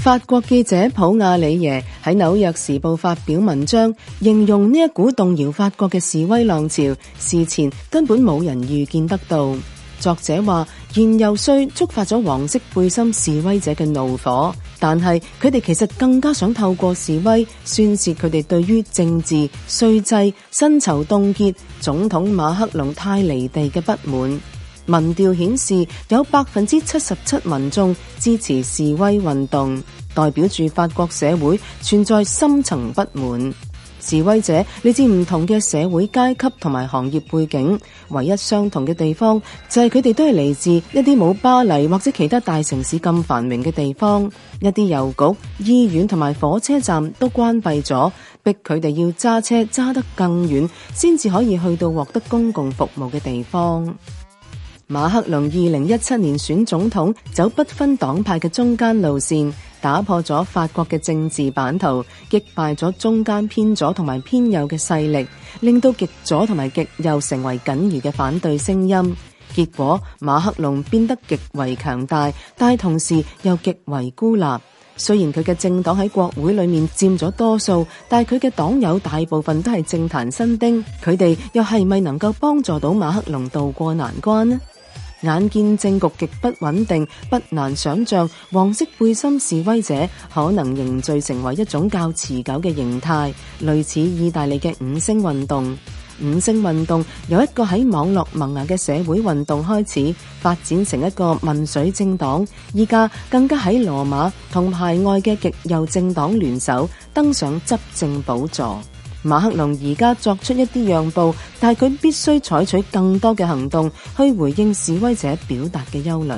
法國記者普瓦里耶喺紐約時報發表文章，形容呢一股動搖法國嘅示威浪潮，事前根本冇人預見得到。作者話，燃油稅觸發咗黃色背心示威者嘅怒火，但係佢哋其實更加想透過示威宣泄佢哋對於政治、稅制、薪酬凍結、總統馬克龍太離地嘅不滿。民調顯示有百分之七十七民眾支持示威運動，代表住法國社會存在深層不滿。示威者嚟自唔同嘅社會階級同埋行業背景，唯一相同嘅地方就係佢哋都係嚟自一啲冇巴黎或者其他大城市咁繁榮嘅地方。一啲郵局、醫院同埋火車站都關閉咗，逼佢哋要揸車揸得更遠，先至可以去到獲得公共服務嘅地方。馬克龍二零一七年選總統，走不分黨派嘅中間路線，打破咗法國嘅政治版圖，擊敗咗中間偏左同埋偏右嘅勢力，令到極左同埋極右成為僅餘嘅反對聲音。結果，馬克龍變得極為強大，但同時又極為孤立。雖然佢嘅政黨喺國會裏面佔咗多數，但係佢嘅黨友大部分都係政壇新丁，佢哋又係咪能夠幫助到馬克龍渡過難關呢？眼見政局極不穩定，不難想象黃色背心示威者可能凝聚成為一種較持久嘅形態，類似意大利嘅五星運動。五星運動由一個喺網絡萌芽嘅社會運動開始，發展成一個民粹政黨，依家更加喺羅馬同排外嘅極右政黨聯手登上執政寶座。馬克龍而家作出一啲讓步，但係佢必須採取更多嘅行動去回應示威者表達嘅憂慮。